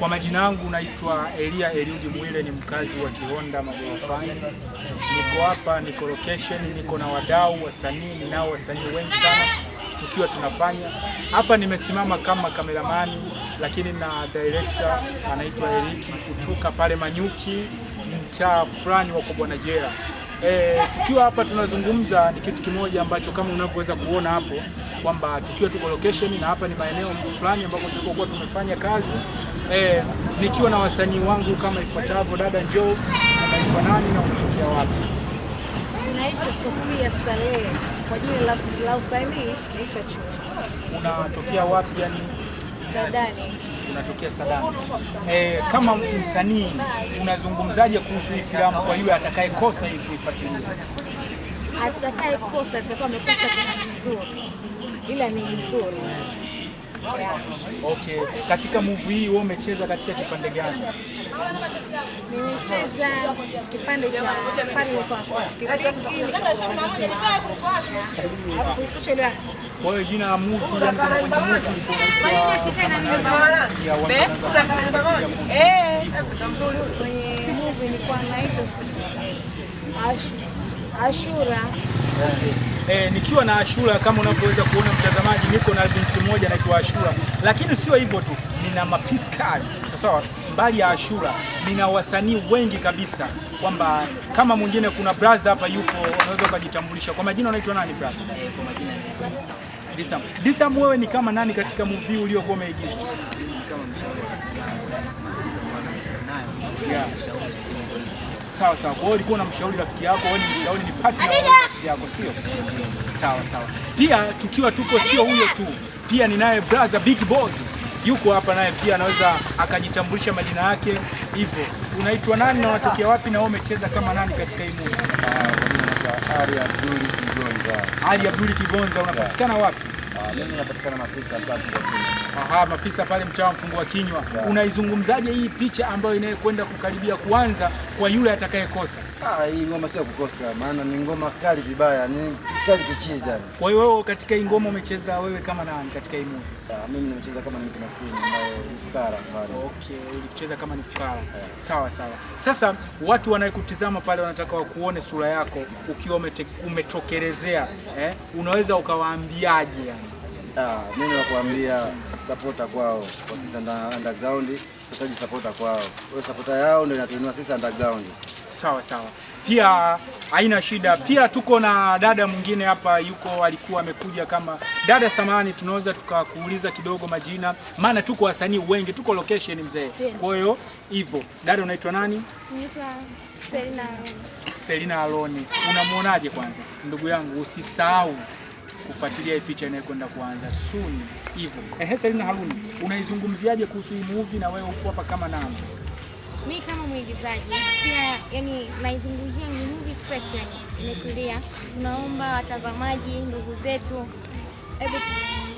Kwa majina yangu naitwa Elia Eliudi Mwile, ni mkazi wa Kihonda Magorofani. Niko hapa, niko location, niko na wadau wasanii, ninao wasanii wengi sana tukiwa tunafanya hapa. Nimesimama kama kameramani, lakini na director anaitwa Eriki kutoka pale Manyuki, mtaa fulani wako Bwanajera. E, eh, tukiwa hapa tunazungumza, ni kitu kimoja ambacho kama unavyoweza kuona hapo kwamba tukiwa tuko location na hapa ni maeneo fulani ambapo tulikuwa tumefanya kazi eh, nikiwa na wasanii wangu kama ifuatavyo. Dada njoo, anaitwa nani na umetokea wapi? Naitwa Sofia Saleh, kwa jina la usanii naitwa Chuma. Unatokea wapi yani? Sadani. Unatokea Sadani. Eh, kama msanii unazungumzaje kuhusu hii filamu kwa yule atakayekosa hii kuifuatilia? Atakayekosa atakuwa amekosa kitu kizuri ila ni nzuri yeah. Okay, katika movie hii wewe umecheza katika kipande gani? Nimecheza kipande cha pale kwa kwa Kwa hiyo jina la movie ni yangu kwenye movie ni kwa eh? eh, naitwa Ashi. Ashura. Eh, eh, nikiwa na Ashura kama unavyoweza kuona mtazamaji, niko na binti moja naitwa Ashura, lakini sio hivyo tu, nina mapiskari kali sawa. Mbali ya Ashura nina wasanii wengi kabisa, kwamba kama mwingine, kuna brother hapa yupo, unaweza ukajitambulisha kwa majina, unaitwa nani brother? Eh, kwa majina naitwa Disam. Disam, wewe ni kama nani katika movie uliokuwa umeigiza? Kama mshauri. Yeah. Sawa sawa. Kwa hiyo ulikuwa unamshauri rafiki yako, wewe ni mshauri, ni partner rafiki yako, sio? Sawa sawa. Pia tukiwa tuko sio huyo tu, pia ninaye brother Big Boy yuko hapa naye pia anaweza akajitambulisha majina yake hivyo. Unaitwa nani na unatokea wapi na wewe umecheza kama nani katika hii movie? Ah, Ali Abduli Kibonza. Ali Abduli Kibonza unapatikana wapi? Ah, mimi napatikana Mafisa. Aha, mafisa pale mchawa mfungua kinywa, unaizungumzaje hii picha ambayo inayokwenda kukaribia kuanza kwa yule atakayekosa? Ah, hii ngoma sio kukosa, maana ni ngoma kali vibaya, ni kali kichiza. Kwa hiyo wewe katika hii ngoma umecheza wewe kama nani katika hii movie? Ah, mimi nimecheza kama Nick Maskini ambaye ni fukara pale. Okay, ulicheza kama ni fukara. Sawa sawa. Sasa watu wanayekutizama pale wanataka wakuone sura yako ukiwa umetokelezea, eh? Unaweza ukawaambiaje yani? Ah, mimi nakuambia supporter kwao kwa sisi underground, tutaji supporter kwao, supporter yao ndio inatuinua sisi underground. Sawa sawa, pia haina shida. Pia tuko na dada mwingine hapa, yuko alikuwa amekuja kama dada. Samahani, tunaweza tukakuuliza kidogo majina, maana tuko wasanii wengi, tuko location mzee. Kwa hiyo hivyo, dada unaitwa nani? Naitwa Selina Aloni. Selina Aloni, unamwonaje? Kwanza ndugu yangu, usisahau kufuatilia picha inayokwenda kuanza soon hivyo. Ehe, Selina Haruni, unaizungumziaje kuhusu hii movie na wewe uko hapa kama nani? Mimi kama mwigizaji pia, yani naizungumzia ni movie fresh, yani imetulia. Tunaomba watazamaji, ndugu zetu, hebu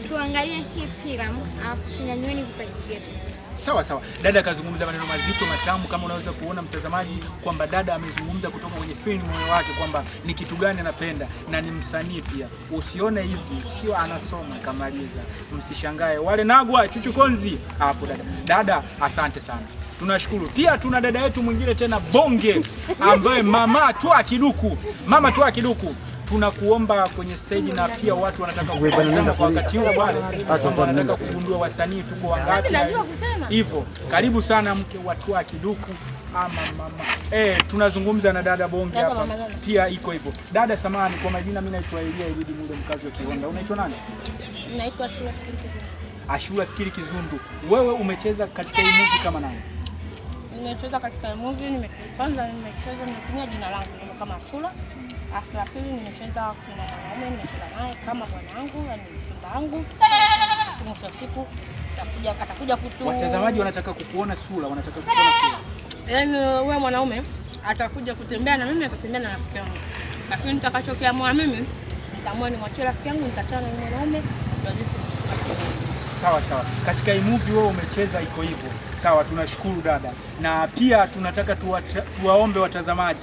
tuangalie hii filamu, afu tunyanyweni vipaji vyetu. Sawa sawa, dada akazungumza maneno mazito matamu, kama unaweza kuona mtazamaji, kwamba dada amezungumza kutoka kwenye feni moyo wake, kwamba ni kitu gani anapenda na ni msanii pia. Usione hivi, sio anasoma kamaliza, msishangae wale nagwa chuchukonzi hapo. Dada dada, asante sana, tunashukuru pia. Tuna dada yetu mwingine tena bonge, ambaye mama twa kiduku, mama twa kiduku tunakuomba kwenye stage na pia watu wanataka kuona kwa wakati huu bwana, wanataka kugundua wasanii tuko wangapi. Hivyo karibu sana mke wa Twa Kiduku ah, ama mama eh, tunazungumza na dada Bonge hapa pia iko hivyo. Dada, samani kwa majina, mimi naitwa Elia Elidi Mulo, mkazi wa Kiwanda. Unaitwa nani? Naitwa Ashura Fikiri Kizundu. Wewe umecheza katika hii movie kama nani? nimecheza katika movie, nime kwanza nimecheza nimetumia jina langu kama Ashura. Afu la pili nimecheza kuna mwanaume nimecheza naye kama mwanangu, yani mchumba wangu. Mwisho siku atakuja atakuja kutu. Watazamaji wanataka kukuona sura, wanataka kukuona sura. Yaani wewe mwanaume atakuja kutembea na mimi, atatembea na rafiki yangu. Lakini nitakachokiamua mimi, nitamwona ni nimwachie rafiki yangu, nitachana na mwanaume sawa sawa. Katika hii movie wewe umecheza iko hivyo sawa, tunashukuru dada, na pia tunataka tuwa, tuwaombe watazamaji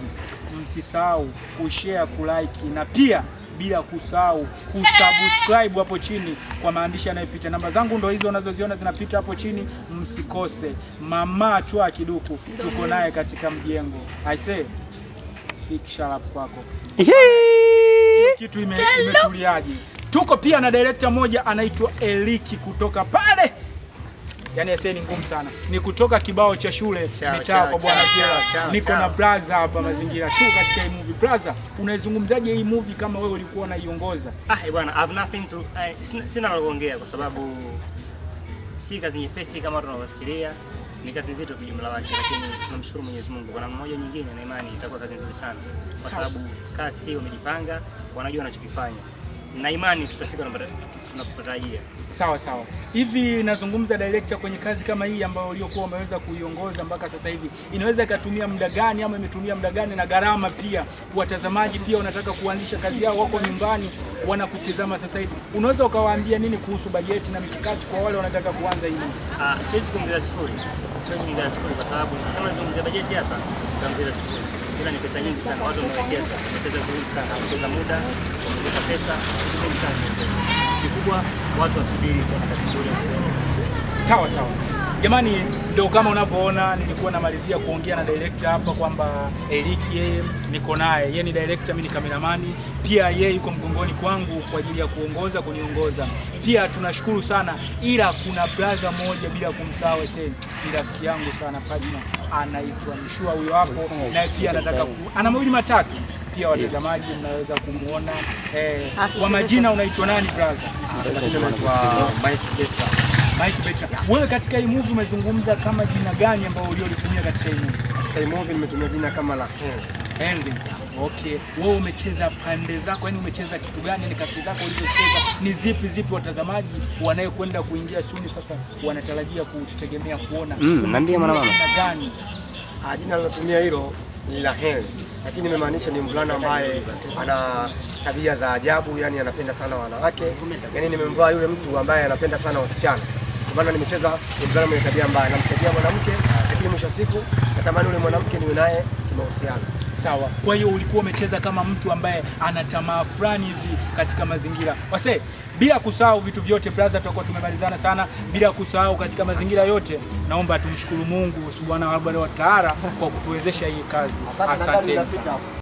msisahau kushare, kulike na pia bila kusahau kusubscribe hapo chini kwa maandishi yanayopita. Namba zangu ndo hizo unazoziona zinapita hapo chini, msikose. Mama Chwa Kiduku tuko naye katika mjengo. I say big shout out kwako. Kitu imetuliaje? Tuko pia na director moja anaitwa Eliki kutoka pale Yaani ese ni ngumu sana, ni kutoka kibao cha shule mitaa kwa bwana Jera. Niko na braza hapa mazingira tu katika hii movie. Braza, unaizungumzaje hii movie kama wewe ulikuwa unaiongoza? Ah eh, bwana, I have nothing to uh, sina la kuongea kwa sababu si kazi nyepesi kama tunavyofikiria, ni kazi nzito kwa jumla wake, lakini tunamshukuru Mwenyezi Mungu kwa namna moja nyingine, na imani itakuwa kazi nzuri sana kwa sababu cast wamejipanga, wanajua wanachokifanya na imani tutafika namba tunapotarajia. Sawa sawa. Hivi nazungumza director, kwenye kazi kama hii ambayo uliokuwa umeweza kuiongoza mpaka sasa hivi, inaweza ikatumia muda gani ama imetumia muda gani na gharama pia? Watazamaji pia wanataka kuanzisha kazi yao, wako nyumbani wanakutizama sasa hivi, unaweza ukawaambia nini kuhusu bajeti na mikakati kwa wale wanataka kuanza hivi? Ah, siwezi kuongeza sifuri, siwezi kuongeza sifuri kwa sababu nasema nazungumzia bajeti hapa nitaongeza sifuri, ila ni pesa nyingi sana, watu wamewekeza pesa nyingi sana, wamewekeza muda, wamewekeza pesa kikubwa watu wasubiri sawa sawa. Jamani, ndio kama unavyoona, nilikuwa namalizia kuongea na director hapa kwamba Eric yeye niko naye, yeye ni director, mimi ni cameraman pia, yeye yuko mgongoni kwangu kwa ajili ya kuongoza, kuniongoza pia. Tunashukuru sana, ila kuna brother moja bila kumsahau, sasa ni rafiki yangu sana Pajina, anaitwa Mshua, huyo hapo, naye pia anataka ana mawili matatu pia watazamaji mnaweza kumwona eh, ah, kwa majina unaitwa nani brother? Mike Betra. Wewe katika hii movie umezungumza kama jina gani ambalo uliolitumia katika hii movie? Katika hii movie nimetumia jina kama la Henry. Okay. Wewe umecheza pande zako, yani umecheza kitu gani? Ni kati zako ulizocheza ni zipi zipi? Watazamaji wanayokwenda kuingia suni sasa wanatarajia kutegemea kuona. Mm, niambie mwana mama. Jina nilotumia ah, hilo ni Rahel, lakini nimemaanisha ni mvulana ambaye ana tabia za ajabu, yani anapenda sana wanawake, yani nimemvaa yule mtu ambaye anapenda sana wasichana, kwa maana nimecheza mvulana mwenye tabia mbaya, namsaidia mwanamke, lakini mwisho wa siku natamani yule mwanamke niwe naye kimahusiano sawa. Kwa hiyo ulikuwa umecheza kama mtu ambaye ana tamaa fulani hivi katika mazingira wase, bila kusahau vitu vyote brother, tutakuwa tumemalizana sana, bila kusahau katika mazingira yote, naomba tumshukuru Mungu subhanahu wa taala kwa kutuwezesha hii kazi. asante sana.